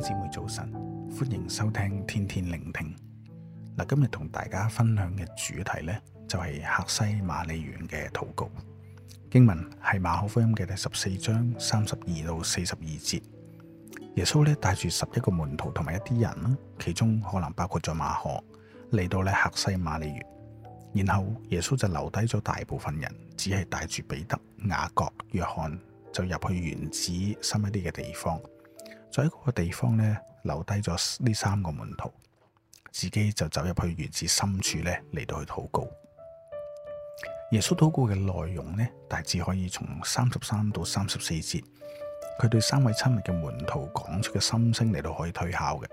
姊妹早晨，歡迎收聽天天靈聽。嗱，今日同大家分享嘅主題呢，就係客西馬尼園嘅禱告，經文，係馬可福音嘅第十四章三十二到四十二節。耶穌咧帶住十一個門徒同埋一啲人，其中可能包括咗馬可嚟到呢客西馬尼園，然後耶穌就留低咗大部分人，只係帶住彼得、雅各、約翰就入去園子深一啲嘅地方。在嗰個地方呢，留低咗呢三個門徒，自己就走入去園子深處呢，嚟到去禱告。耶穌禱告嘅內容呢，大致可以從三十三到三十四節，佢對三位親密嘅門徒講出嘅心聲嚟到可以推敲嘅。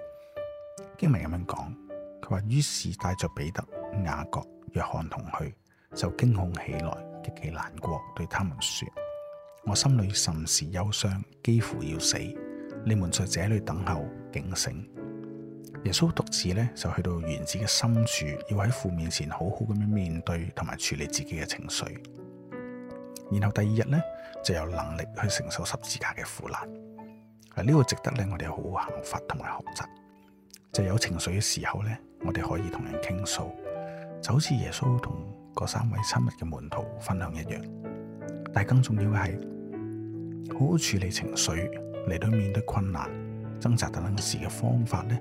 經文咁樣講，佢話，於是帶着彼得、雅各、約翰同去，就驚恐起來，極其難過，對他們說：我心裡甚是憂傷，幾乎要死。你們在這裏等候警醒。耶穌獨自咧就去到園子嘅深處，要喺父面前好好咁樣面對同埋處理自己嘅情緒。然後第二日咧就有能力去承受十字架嘅苦難。啊，呢、這個值得咧我哋好好效法同埋學習，就係有情緒嘅時候咧，我哋可以同人傾訴，就好似耶穌同嗰三位親密嘅門徒分享一樣。但更重要嘅係，好好處理情緒。嚟到面對困難、掙扎等等事嘅方法呢，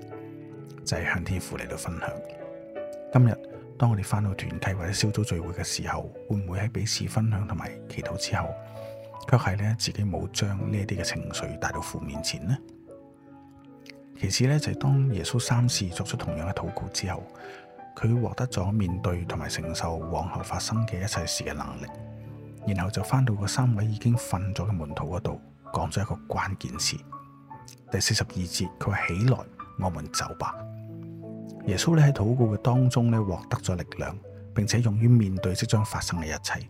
就係、是、向天父嚟到分享。今日當我哋翻到團體或者小組聚會嘅時候，會唔會喺彼此分享同埋祈禱之後，卻係呢自己冇將呢啲嘅情緒帶到父面前呢？其次呢，就係、是、當耶穌三次作出同樣嘅禱告之後，佢獲得咗面對同埋承受往後發生嘅一切事嘅能力，然後就翻到個三位已經瞓咗嘅門徒嗰度。講咗一個關鍵詞，第四十二節佢話，起來，我們走吧。耶穌咧喺禱告嘅當中咧獲得咗力量，並且勇於面對即將發生嘅一切。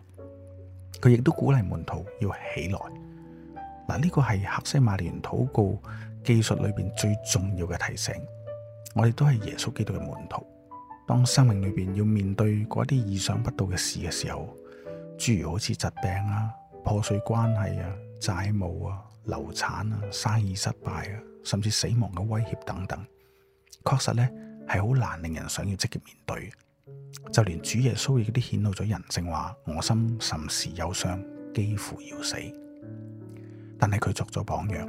佢亦都鼓勵門徒要起來。嗱，呢個係客西馬尼園禱告記述裏邊最重要嘅提醒。我哋都係耶穌基督嘅門徒，當生命裏邊要面對嗰啲意想不到嘅事嘅時候，諸如好似疾病啊、破碎關係啊。債務啊、流產啊、生意失敗啊，甚至死亡嘅威脅等等，確實呢係好難令人想要積極面對。就連主耶穌亦都有顯露咗人性，話我心甚是憂傷，幾乎要死。但係佢作咗榜樣，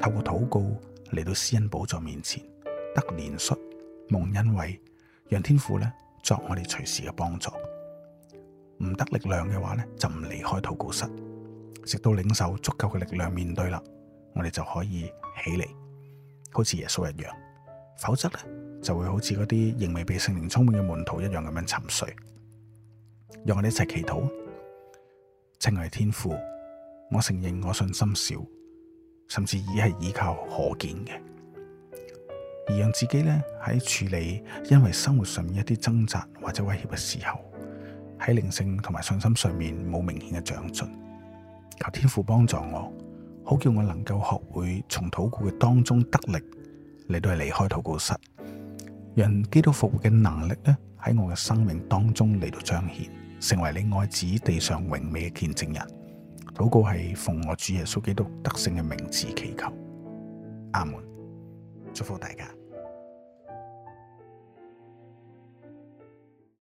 透過禱告嚟到施恩寶座面前，得憐恤、蒙恩惠，讓天父呢作我哋隨時嘅幫助。唔得力量嘅話呢，就唔離開禱告室。直到領受足夠嘅力量面對啦，我哋就可以起嚟，好似耶穌一樣。否則咧，就會好似嗰啲仍未被聖靈充滿嘅門徒一樣咁樣沉睡。讓我哋一齊祈禱，親愛嘅天父，我承認我信心少，甚至已係依靠可見嘅，而讓自己咧喺處理因為生活上面一啲掙扎或者威脅嘅時候，喺靈性同埋信心上面冇明顯嘅長進。求天父幫助我，好叫我能夠學會從禱告嘅當中得力，嚟到離開禱告室，讓基督復活嘅能力咧喺我嘅生命當中嚟到彰顯，成為你愛子地上榮美嘅見證人。禱告係奉我主耶穌基督得勝嘅名字祈求，阿門。祝福大家。